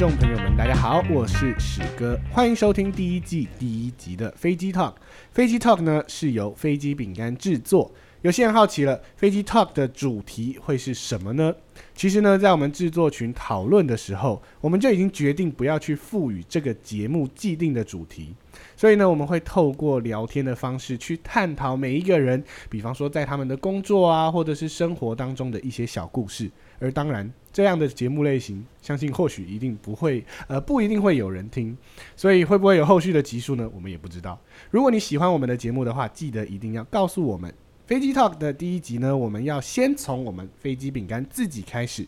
聽眾朋友們，大家好，我是史哥，歡迎收聽第一季第一集的飛機 Talk。飛機 Talk 呢是由飛機餅乾製作。有些人好奇了，飛機 Talk 的主題會是什麼呢？其實呢，在我們製作群討論的時候，我們就已經決定不要去賦予這個節目既定的主題。所以呢，我們會透過聊天的方式去探討每一個人，比方說在他們的工作啊，或者是生活當中的一些小故事。而當然。這樣的節目類型，相信或許一定不會，呃，不一定會有人聽，所以會不會有後續的集數呢？我們也不知道。如果你喜歡我們的節目的話，記得一定要告訴我們。飛機 Talk 的第一集呢，我們要先從我們飛機餅乾自己開始。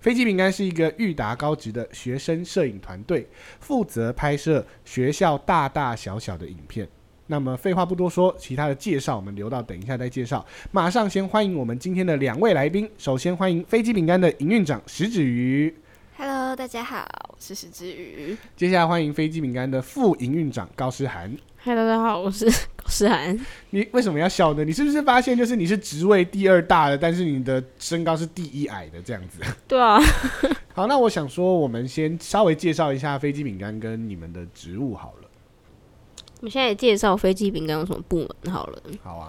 飛機餅乾是一個裕達高職的學生攝影團隊，負責拍攝學校大大小小的影片。那麼廢話不多說，其他的介紹我們留到等一下再介紹。馬上先歡迎我們今天的兩位來賓，首先歡迎飛機餅乾的營運長石子魚。Hello，大家好，我是石子魚。接下來歡迎飛機餅乾的副營運長高詩涵。Hello，大家好，我是高詩涵。你為什麼要笑呢？你是不是發現就是你是職位第二大的，但是你的身高是第一矮的這樣子？對啊。 好，那我想說，我們先稍微介紹一下飛機餅乾跟你們的職務好了。我們現在也介紹飛機餅乾有什麼部門？好了，好啊，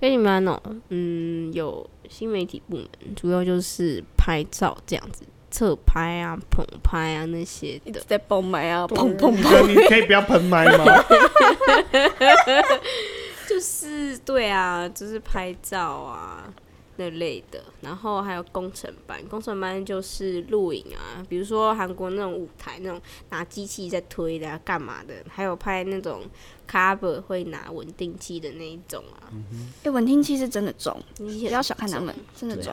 飛機餅乾哦，嗯，有新媒體部門，主要就是拍照這樣子，側拍啊、捧拍啊那些，你都在爆麥啊、bon、砰砰砰，你，你可以不要噴麥嗎？ 就是對啊，就是拍照啊。那類的，然後還有工程班，工程班就是錄影啊，比如說韓國那種舞台那種拿機器在推的啊，幹嘛的，還有拍那種 cover 會拿穩定器的那一種啊，誒，嗯哼，欸，穩定器是真的重，你不要小看他們，真的重。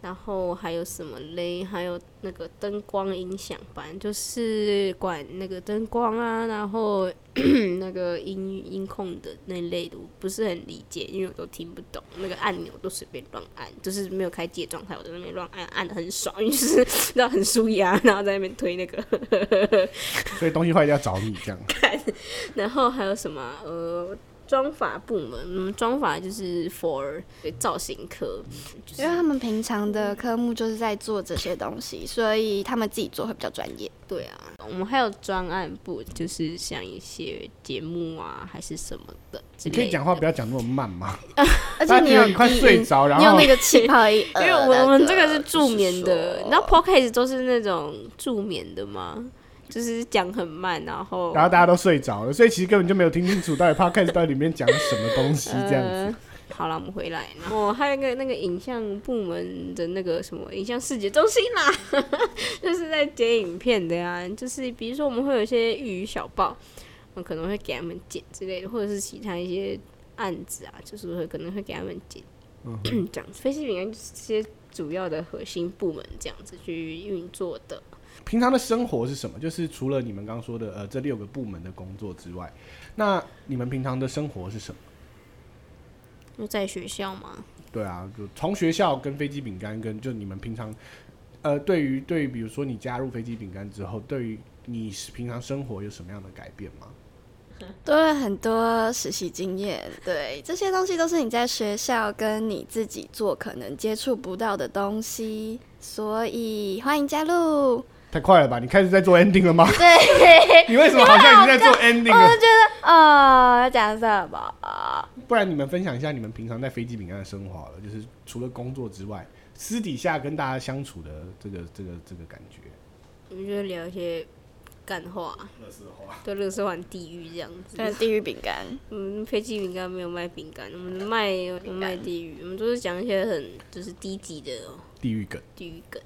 然後還有什麼嘞？還有那個燈光音響，反正就是管那個燈光啊，然後咳咳那個音音控的那類的，我不是很理解，因為我都聽不懂，那個按鈕都隨便亂按，就是沒有開機的狀態，我在那邊亂按，按的很爽，為、就是那很舒壓，然後在那邊推那個，呵呵呵所以東西壞了要找你這樣。看，然後還有什麼？呃。妝髮部門，嗯，妝髮就是 for 造型科，就是、因為他們平常的科目就是在做這些東西，嗯、所以他們自己做會比較專業。對啊，我們還有專案部，就是像一些節目啊，還是什麼的。的你可以講話不要講那麼慢嘛，啊、而且你有你快睡着，嗯、然後用那個氣泡音， 因為我們這個是助眠的，你知道 podcast 都是那種助眠的嗎？就是講很慢，然後然後大,大家都睡着了，所以其實根本就沒有聽清楚到底 podcast 在裡面講什麼東西這樣子。 呃、好了，我們回來。哦， 還有一個那個影像部門的那個什麼影像視覺中心啦， 就是在剪影片的呀。就是比如說我們會有一些娛娛小報，我可能會給他們剪之類的，或者是其他一些案子啊，就是會可能會給他們剪、嗯、哼 這樣子。飛行人員主要的核心部門這樣子去運作的。平常的生活是什麼？就是除了你們剛剛說的呃這六個部門的工作之外，那你們平常的生活是什麼？就在學校嗎？對啊，就從學校跟飛機餅乾跟就你們平常呃對於對於比如說你加入飛機餅乾之後，對於你平常生活有什麼樣的改變嗎？多了很多實習經驗，對，這些東西都是你在學校跟你自己做可能接觸不到的東西，所以歡迎加入。太快了吧？你開始在做 ending 了嗎？對， 你為什麼好像已經在做 ending 了？我就覺得呃，要講什麼？不然你們分享一下你們平常在飛機餅乾的生活好了，就是除了工作之外，私底下跟大家相處的這個這個這個感覺。你們覺得聊一些。幹話，話對，樂色玩地獄這樣子，但是地獄餅乾，嗯，飛機餅乾沒有賣餅乾，我們賣賣地獄，我們都是講一些很就是低級的地獄梗，地獄梗，地獄梗，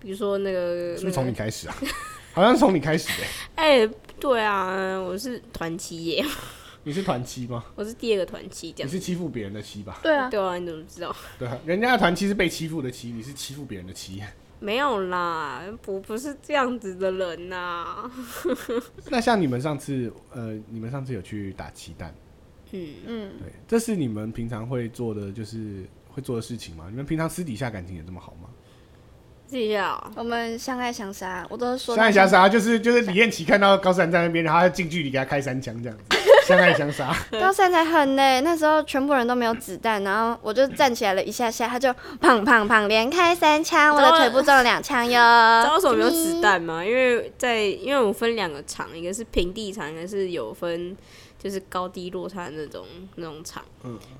比如說那個，是不是從你開始啊？ 好像是從你開始的、欸，哎、欸，對啊，我是團七耶， 你是團七嗎？我是第二個團七，你是欺負別人的七吧？對啊，對啊，你怎麼知道？對啊，人家的團七是被欺負的七，你是欺負別人的七。沒有啦，不不是這樣子的人吶、啊。 那像你們上次，呃，你們上次有去打漆彈，嗯嗯，嗯，對，這是你們平常會做的，就是會做的事情嗎？你們平常私底下感情也這麼好嗎？要，我們相愛相殺，我都說相愛相殺，就是就是李彥奇看到高三在那邊，然後他近距離給他開三槍這樣子。 現在想殺， 高善才狠呢。那時候全部人都沒有子彈，然後我就站起來了一下下，他就砰砰砰連開三槍，我的腿部中了兩槍喲。 這時候沒有子彈嗎？因為在因為我分兩個場，一個是平地場，一個是有分就是高低落差的那種那種場，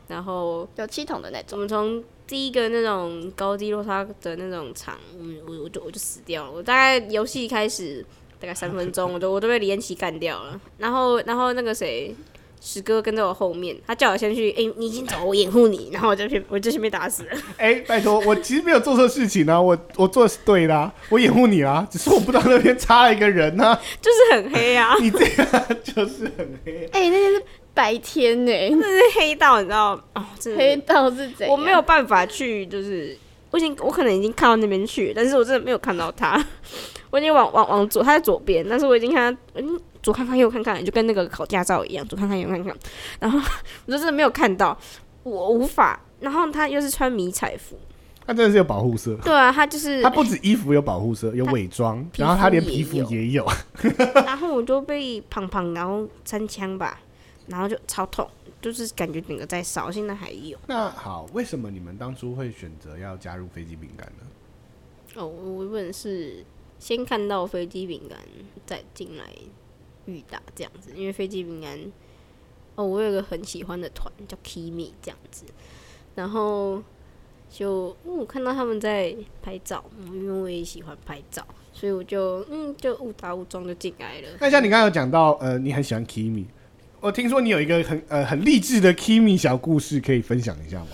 然後有氣筒的那種。我們從第一個那種高低落差的那種場，我我我就我就死掉了，我大概遊戲開始。.大概三分鐘，我都我都被李艷琪幹掉了。然後，然後那個誰，石哥跟在我後面，他叫我先去。哎、欸，你已經走，我掩護你。然後我就去，我就是被打死了。哎、欸，拜託，我其實沒有做錯事情呢、啊，我我做的是對的、啊，我掩護你啊，只是我不知道那邊差了一個人呢、啊，就是很黑啊。 你這啊就是很黑、啊。哎、欸，那天是白天呢、欸，那是，是黑道，你知道？哦，真的黑道是誰？我沒有辦法去，就是我已經我可能已經看到那邊去，但是我真的沒有看到他。我先往往往左，他在左邊，但是我已經看他，嗯，左看看右看看，就跟那個考駕照一樣，左看看右看看，然後我就真的沒有看到，我無法。然後他又是穿迷彩服，他真的是有保護色。對啊，他就是他不止衣服有保護色，欸、有偽裝，皮然後他連皮膚也有。也有 然後我就被砰砰，然後三槍吧，然後就超痛，就是感覺整個在燒，現在還有。那好，為什麼你們當初會選擇要加入飛機餅乾呢？哦，我問是。先看到飛機餅乾，再進來遇到這樣子，因為飛機餅乾哦，我有一個很喜歡的團叫 Kimi 這樣子，然後就、嗯、我看到他們在拍照、嗯，因為我也喜歡拍照，所以我就嗯就誤打誤撞就進來了。那像你剛剛有講到，呃，你很喜歡 Kimi，我聽說你有一個很呃很勵志的 Kimi 小故事，可以分享一下嗎？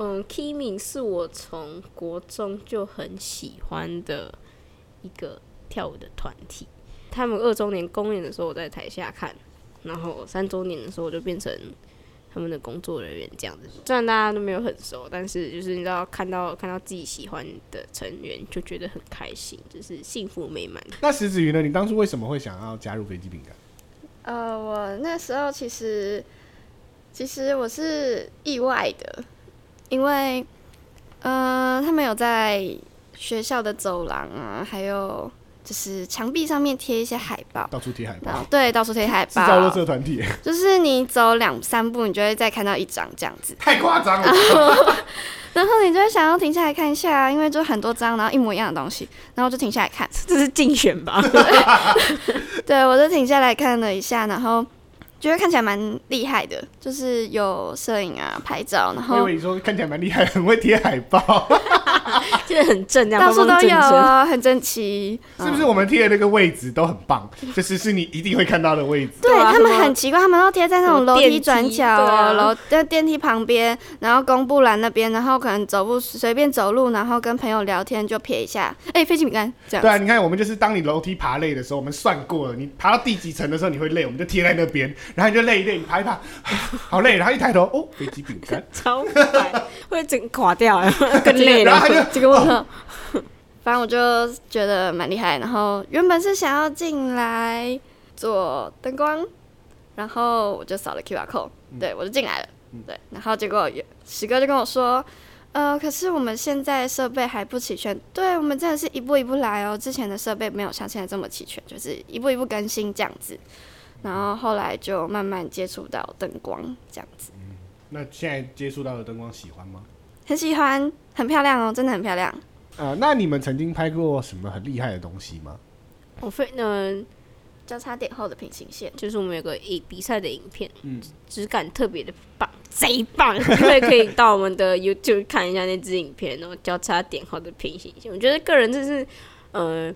嗯，Kimi 是我從國中就很喜歡的一個跳舞的團體，他們二周年公演的時候我在台下看，然後三周年的時候我就變成他們的工作人員這樣子。雖然大家都沒有很熟，但是就是你知道看到看到自己喜歡的成員，就覺得很開心，就是幸福美滿。那石子魚呢？你當初為什麼會想要加入飛機餅乾？呃，我那時候其實其實我是意外的，因為呃，他們有在。學校的走廊啊，還有就是牆壁上面貼一些海報，到處貼海報，對，到處貼海報，團體，就是你走兩三步，你就會再看到一張這樣子，太誇張了。然後， 然後你就會想要停下來看一下，因為就很多張，然後一模一樣的東西，然後就停下來看，這是競選吧？ 對，我就停下來看了一下，然後。覺得看起來蠻厲害的，就是有攝影啊、拍照，然後因為你說看起來蠻厲害，很會貼海報，貼的 很正、啊，到處都有啊，幫幫整整很整齊。啊、是不是我們貼的那個位置都很棒？ 就是是你一定會看到的位置。對，對、啊、他們很奇怪，他們都貼在那種樓梯轉角樓在電梯旁邊，然後公布欄那邊，然後可能走步，隨便走路，然後跟朋友聊天就貼一下。哎、欸，飛機餅乾這樣。對啊，你看我們就是當你樓梯爬累的時候，我們算過了，你爬到第幾層的時候你會累，我們就貼在那邊。然後你就累一累，爬一爬，好累。然後一抬頭，哦，飛機餅乾，超快乖 會整垮掉然後更累了 然後他就這個，反正我就覺得蠻厲害。然後原本是想要進來做燈光，然後我就掃了 QR code，、嗯、對，我就進來了。對，然後結果也石哥就跟我說，呃，可是我們現在設備還不齊全。對，我們真的是一步一步來哦。之前的設備沒有像現在這麼齊全，就是一步一步更新這樣子。然後後來就慢慢接觸到燈光這樣子。嗯，那現在接觸到的燈光喜歡嗎？很喜歡，很漂亮哦、喔，真的很漂亮、哦。呃、嗯，那你們曾經拍過什麼很厲害的東西嗎？我非嗯、哦、交叉點後的平行線，就是我們有個欸比賽的影片，嗯，質感特別的棒，賊棒，因為 可以到我們的 YouTube 看一下那支影片，然後交叉點後的平行線，我覺得個人就是，呃，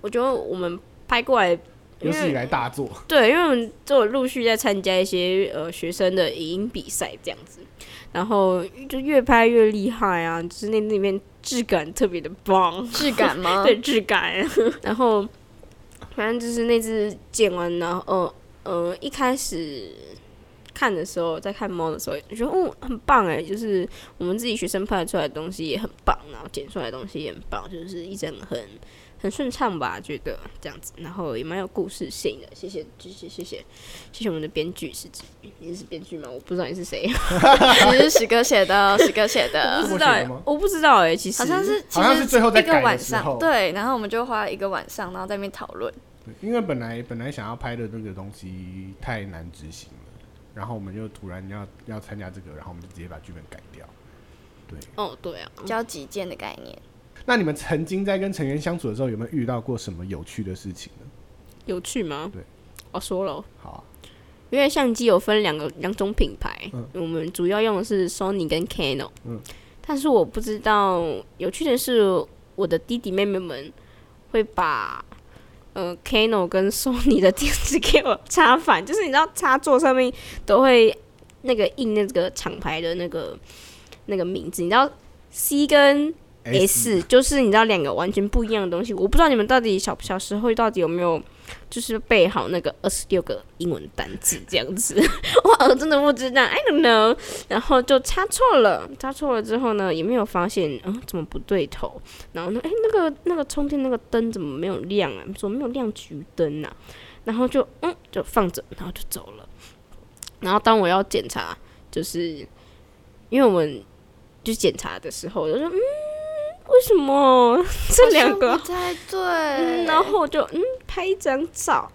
我覺得我們拍過來。由自己來大作，對，因為我們就陸續在參加一些呃學生的影音比賽這樣子，然後就越拍越厲害啊，就是那那邊質感特別的棒，質感嗎？ 對，質感。然後反正就是那次剪完然後呃呃，一開始看的時候，在看貓的時候，我覺得嗯很棒哎，就是我們自己學生拍出來的東西也很棒，然後剪出來的東西也很棒，就是一直很。很順暢吧？覺得這樣子，然後也蠻有故事性的。謝謝，繼續，謝謝，謝謝我們的編劇是。你是編劇嗎？我不知道你是誰，哈哈 是史哥寫的，史 哥寫的，不知道，我不知道哎，其實好像是其實好像是最後一個晚上對，然後我們就花了一個晚上，然後在那邊討論。對，因為本來本來想要拍的那個東西太難執行了，然後我們就突然要要參加這個，然後我們就直接把劇本改掉。對，哦對啊，交件的概念。那你們曾經在跟成員相處的時候，有沒有遇到過什麼有趣的事情呢？有趣嗎？對，我說了、喔，好、啊、因為相機有分兩個兩種品牌，嗯、我們主要用的是 Sony 跟 Canon、嗯。但是我不知道有趣的是，我的弟弟妹妹們會把呃 Canon 跟 Sony 的電池給我插反， 就是你知道插座上面都會那個印那個廠牌的那個那個名字，你知道 C 跟。S, S? S, S 就是你知道兩個完全不一樣的東西，我不知道你們到底小小時候到底有沒有就是背好那個二十六個英文單字這樣子，哇，我真的不知道，I don't know。然後就插錯了，插錯了之後呢，也沒有發現，嗯，怎麼不對頭？然後呢，哎、欸，那個那個充電那個燈怎麼沒有亮啊？怎麼沒有亮橘燈啊？然後就嗯，就放着，然後就走了。然後當我要檢查，就是因為我們就檢查的時候，我就說嗯。為什麼這兩個？對嗯，然後我就嗯拍一張照。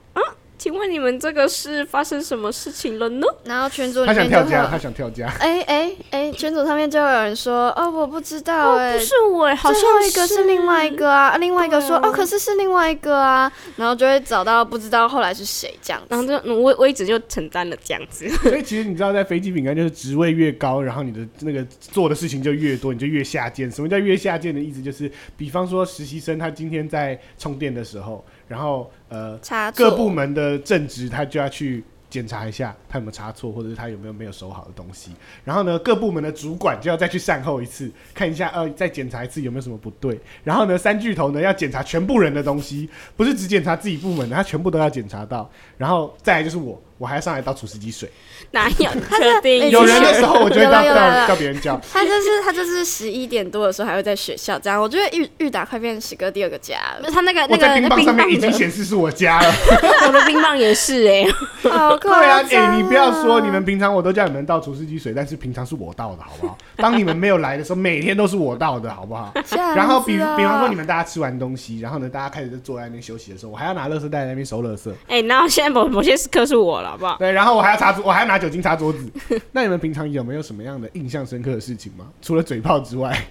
請問你們這個是發生什麼事情了呢？然後群組，他想跳家，他想跳家。哎哎哎，群、欸、組上面就有人說，哦，我不知道、欸，哎、哦，不是我、欸，好像最後一個是另外一個啊，啊另外一個說，對哦，可是是另外一個啊，然後就會找到不知道後來是誰這樣。然後就我我一直就承擔了這樣子。 所以其實你知道，在飛機餅乾就是職位越高，然後你的那個做的事情就越多，你就越下賤。什麼叫越下賤的意思？就是比方說實習生，他今天在充電的時候。然後，呃，查錯，各部門的正職他就要去檢查一下，他有沒有差錯，或者是他有沒有沒有收好的東西。然後呢，各部門的主管就要再去善後一次，看一下，呃，再檢查一次有沒有什麼不對。然後呢，三巨頭呢要檢查全部人的東西，不是只檢查自己部門的，他全部都要檢查到。然後再來就是我。我還要上來倒除濕機水，哪有？ 他是、欸、有人的時候，我就會要叫別人叫他、就是。他就是他就是十一點多的時候還會在學校這樣。我就會預預打快變成十個第二個家了。他那個那個冰棒上面已經顯示是我家了，的 我的冰棒也是哎、欸。好啊對啊，哎、欸，你不要說你們平常我都叫你們倒除濕機水，但是平常是我倒的好不好？當你們沒有來的時候， 每天都是我倒的好不好？啊、然後比比方說你們大家吃完東西，然後呢大家開始就坐在那邊休息的時候，我還要拿垃圾袋在那邊收垃圾。哎、欸，那現在某某些時刻是我了。對，然後我還要擦桌，我還要拿酒精擦桌子。 那你們平常有沒有什麼樣的印象深刻的事情嗎？除了嘴炮之外，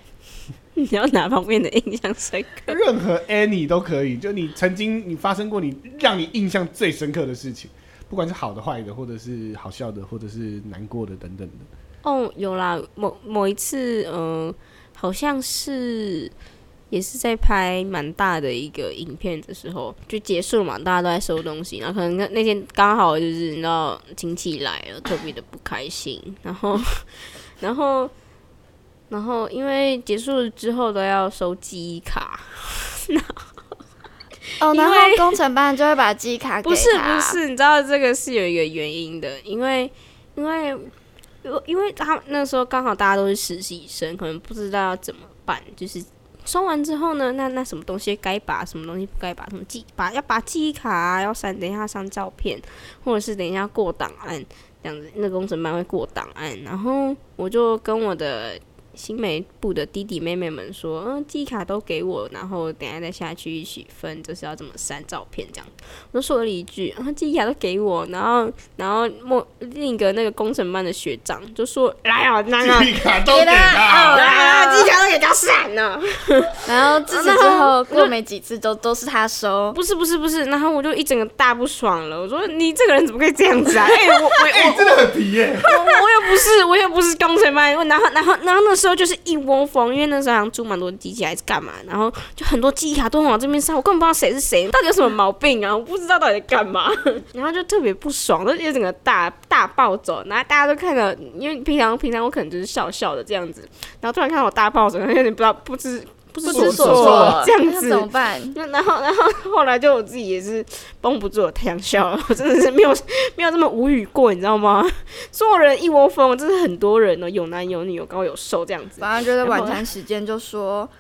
你要哪方面的印象深刻？任何 any 都可以，就你曾經你發生過你讓你印象最深刻的事情，不管是好的、壞的，或者是好笑的，或者是難過的等等的。哦，有啦，某某一次，嗯、呃，好像是。也是在拍蠻大的一個影片的時候就結束了嘛，大家都在收東西，然後可能那天剛好就是你知道親戚來了，特別的不開心，然後，然後，然後，然後因為結束了之後都要收記憶卡，然後哦，oh, 因為，然後工程班就會把記憶卡給他，不是不是，你知道這個是有一個原因的，因為因為因因為他那時候剛好大家都是實習生，可能不知道要怎麼辦，就是。收完之後呢？那那什麼東西該把，什麼東西不該把？什麼記把要把記憶卡啊，要刪？等一下刪照片，或者是等一下過檔案這樣子。那工程班會過檔案，然後我就跟我的。新媒部的弟弟妹妹們說，嗯，記憶卡都給我，然後等下再下去一起分，就是要怎麼刪照片這樣。我就說了一句，然後記憶卡都給我，然後然後莫另一個那個工程班的學長就說，來啊，那個記憶卡都給他，記憶卡都給他刪了。然後自此之後，後就過沒幾次都都是他收，不是不是不是。然後我就一整個大不爽了，我說你這個人怎麼可以這樣子啊？哎、欸、我我，我、欸、真的很皮耶，我我也不是我也不是工程班，我然後然後然後那時候。就是一窩蜂，因為那時候好像住蠻多機器，還是幹嘛，然後就很多機卡都往這邊上，我根本不知道誰是誰，到底有什麼毛病啊？我不知道到底在幹嘛，然後就特別不爽，就一整個大大暴走，然後大家都看到，因為平常平常我可能就是笑笑的這樣子，然後突然看到我大暴走，然後有點不知道不知。不知所措，這樣子怎麼辦？然後，然後後來就我自己也是繃不住了，太想笑了。我真的是沒有沒有這麼無語過，你知道嗎？做人一窩蜂，蜂，真是很多人呢，有男有女，有高有瘦，這樣子。反正就是晚餐時間就說。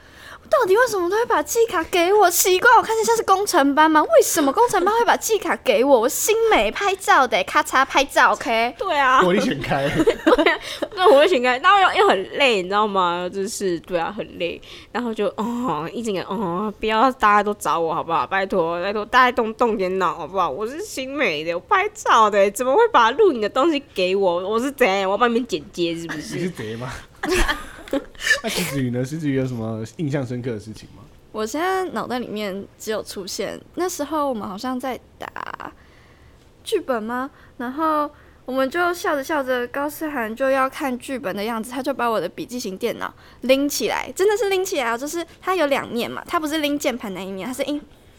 到底為什麼他會把記卡給我？奇怪，我看起來像是工程班嗎？為什麼工程班會把記卡給我？我新美拍照的，咔嚓拍照 OK，對啊，火力全開。對，那火力全開，那又又很累，你知道嗎？就是對啊，很累。然後就哦，一直講哦，不要大家都找我好不好？拜託拜託，大家動動點腦好不好？我是新美的，我拍照的，怎麼會把錄影的東西給我？我是賊，我要幫你們剪接，是不是？你是賊嗎？ 那石子瑜呢？石子瑜有什麼印象深刻的事情嗎？ 我現在腦袋裡面只有出現那時候我們好像在打劇本嗎？然後我們就笑着笑着，高思涵就要看劇本的樣子，他就把我的筆記型電腦拎起來，真的是拎起來啊！就是他有兩面嘛，他不是拎鍵盤那一面，他是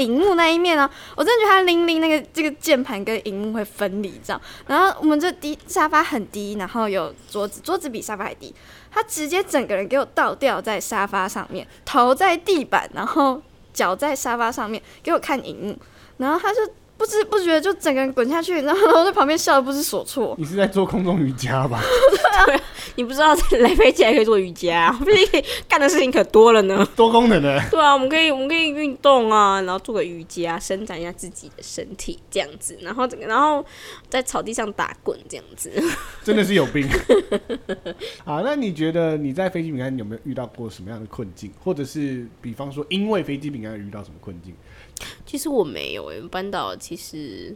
螢幕那一面呢，哦？我真的覺得他拎拎那個這個鍵盤跟熒幕會分離這樣。然後我們這低沙發很低，然後有桌子，桌子比沙發還低。他直接整個人給我倒吊在沙發上面，頭在地板，然後腳在沙發上面，給我看熒幕。然後他就。不知不覺就整個人滾下去，然後在旁邊笑的不知所措。你是在做空中瑜伽吧？對啊，你不知道在飛機還可以做瑜伽，啊， 可以幹的事情可多了呢。多功能的。對啊，我們可以我們可以運動啊，然後做個瑜伽，啊，伸展一下自己的身體，這樣子，然後整個然後在草地上打滾，這樣子， 真的是有病。 好，那你覺得你在飛機餅乾有沒有遇到過什麼樣的困境？或者是比方說，因為飛機餅乾遇到什麼困境？其實我沒有、欸，我們班導其實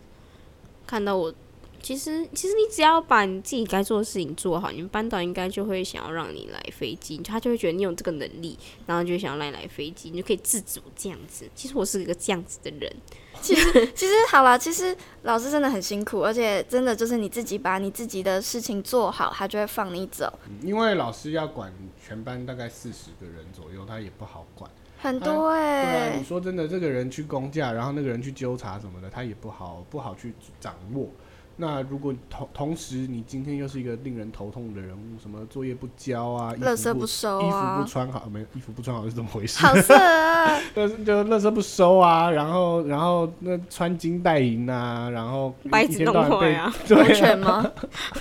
看到我，其實其實你只要把你自己該做的事情做好，你們班導應該就會想要讓你來飛機，他就會覺得你有這個能力，然後就想要讓你來飛機，你就可以自主這樣子。其實我是一個這樣子的人。其實 其實好了，其實老師真的很辛苦，而且真的就是你自己把你自己的事情做好，他就會放你走。因為老師要管全班大概四十個人左右，他也不好管。很多哎、欸啊，你說真的，這個人去公假，然後那個人去糾察什麼的，他也不好，不好去掌握。那如果同同時，你今天又是一個令人頭痛的人物，什麼作業不交啊，樂色不，不收，啊，衣服不穿好，沒衣服不穿好是怎麼回事？好色，啊。但是 就樂色不收啊，然後然後那穿金戴銀啊，然後把椅子弄壞，啊。完全嗎？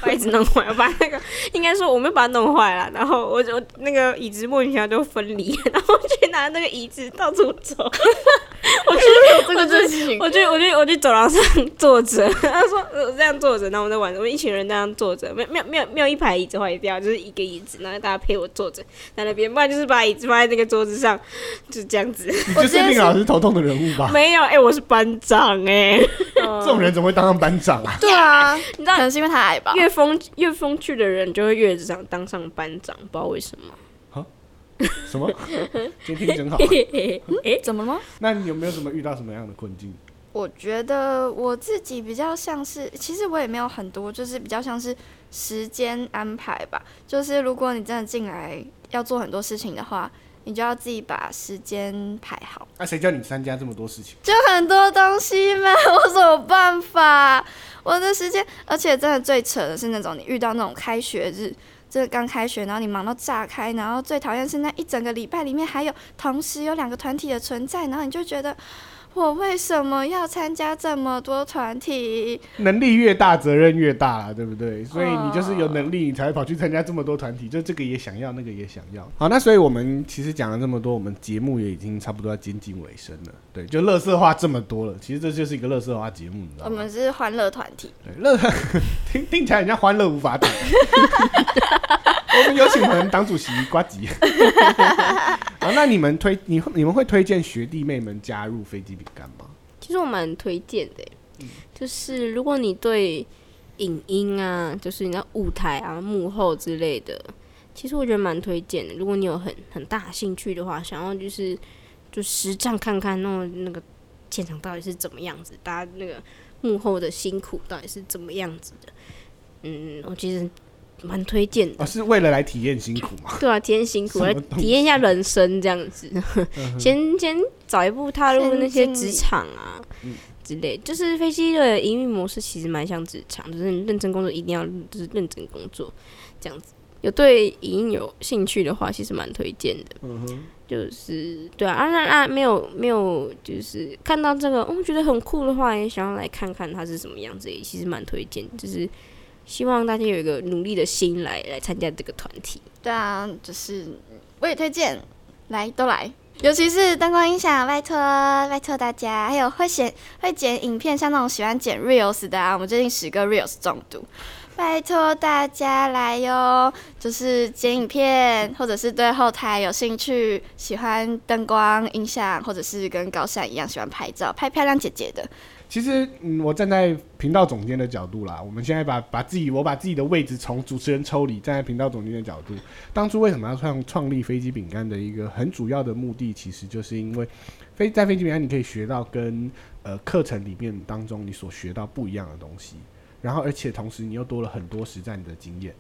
把椅子弄壞，把那個應該說我沒有把它弄壞了，然後我我那個椅子莫名其妙就分離，然後去拿那個椅子到處走。 我覺得有這個事情，我就我去，我去走廊上坐着。他說，我這樣坐着，然後我們在玩，我們一群人這樣坐着，沒有，沒有，沒有一排椅子壞掉，就是一個椅子，然後大家陪我坐着在那邊，不然就是把椅子放在那個桌子上，就這樣子。你就是令老師頭痛的人物吧？ 沒有，哎、欸，我是班長、欸，哎、嗯，這種人怎麼會當上班長啊？對啊，你知道可能是因為他矮吧？越風越風趣的人就會越想當上班長，不知道為什麼。什麼？ 今天真評好。哎，怎麼了？那你有沒有什麼遇到什麼樣的困境？我覺得我自己比較像是，其實我也沒有很多，就是比較像是時間安排吧。就是如果你真的進來要做很多事情的話，你就要自己把時間排好。那誰、啊、叫你參加這麼多事情？就很多東西嘛，我有什麼辦法？我的時間，而且真的最扯的是那種你遇到那種開學日。這個剛開學，然後你忙到炸開，然後最討厭是那一整個禮拜裡面還有同時有兩個團體的存在，然後你就覺得。我為什麼要參加這麼多團體？能力越大，責任越大啊，對不對？所以你就是有能力，你才會跑去參加這麼多團體，就這個也想要，那個也想要。好，那所以我們其實講了這麼多，我們節目也已經差不多要接近尾聲了，對？就垃圾話這麼多了，其實這就是一個垃圾話節目，你知道嗎？我們是歡樂團體，對，樂聽聽起來很像歡樂無法停。 我們有請我們黨主席呱吉。 好，那你們推你你們會推薦學弟妹們加入飛機？其實我蠻推薦的，嗯、就是如果你對影音啊，就是你的舞台啊、幕後之類的，其實我覺得蠻推薦的。如果你有很很大興趣的話，想要就是就實戰看看那那個現場到底是怎麼樣子，大家那個幕後的辛苦到底是怎麼樣子的，嗯，我其實。蠻推薦的、哦，是為了來體驗辛苦嘛？對啊，體驗辛苦，來體驗一下人生這樣子， 先先早一步踏入那些職場啊，進之類。就是飛機的營運模式其實蠻像職場，就是認真工作一定要就是認真工作這樣子。有對營運有興趣的話，其實蠻推薦的。嗯、哼就是對啊啊啊，沒有沒有，就是看到這個、哦，我覺得很酷的話，也想要來看看它是什麼樣子。也其實蠻推薦，就是。希望大家有一個努力的心來來參加這個團體。對啊，就是我也推薦，來都來，尤其是燈光音響，拜託拜託大家，還有會寫會剪影片，像那種喜歡剪 reels 的啊，我們最近十個 reels 中毒，拜託大家來喲！就是剪影片，或者是對後台有興趣，喜歡燈光音響，或者是跟高山一樣喜歡拍照拍漂亮姐姐的。其實，嗯，我站在頻道總監的角度啦，我們現在把把自己，我把自己的位置從主持人抽離，站在頻道總監的角度，當初為什麼要創創立飛機餅乾的一個很主要的目的，其實就是因為，飛在飛機餅乾你可以學到跟呃課程裡面當中你所學到不一樣的東西，然後而且同時你又多了很多實戰的經驗。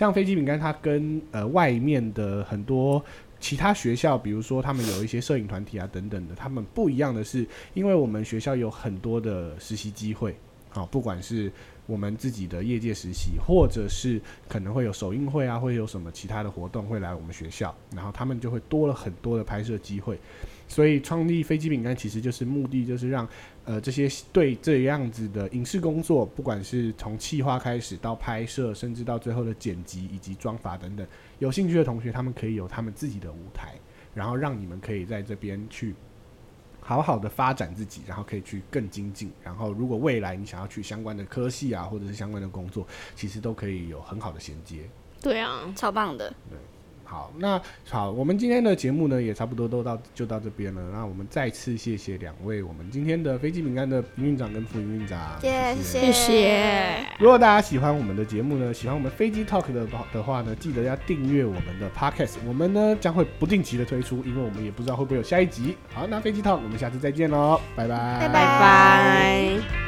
像飛機餅乾，它跟呃外面的很多其他學校，比如說他們有一些攝影團體啊等等的，他們不一樣的是，因為我們學校有很多的實習機會，啊，不管是。我們自己的業界實習，或者是可能會有首映會啊，會有什麼其他的活動會來我們學校，然後他們就會多了很多的拍攝機會。所以創立飛機餅乾其實就是目的，就是讓呃這些對這樣子的影視工作，不管是從企劃開始到拍攝，甚至到最後的剪輯以及裝法等等，有興趣的同學他們可以有他們自己的舞台，然後讓你們可以在這邊去。好好的發展自己，然後可以去更精進。然後，如果未來你想要去相關的科系啊，或者是相關的工作，其實都可以有很好的銜接。對啊，超棒的。對。好，那好，我們今天的節目呢，也差不多都到就到這邊了。那我們再次謝謝兩位，我們今天的飛機餅乾的營運長跟副營運長，謝謝。謝謝，如果大家喜歡我們的節目呢，喜歡我們飛機 Talk 的的話呢，記得要訂閱我們的 Podcast，我們呢將會不定期的推出，因為我們也不知道會不會有下一集。好，那飛機 Talk，我們下次再見嘍，拜拜，拜拜。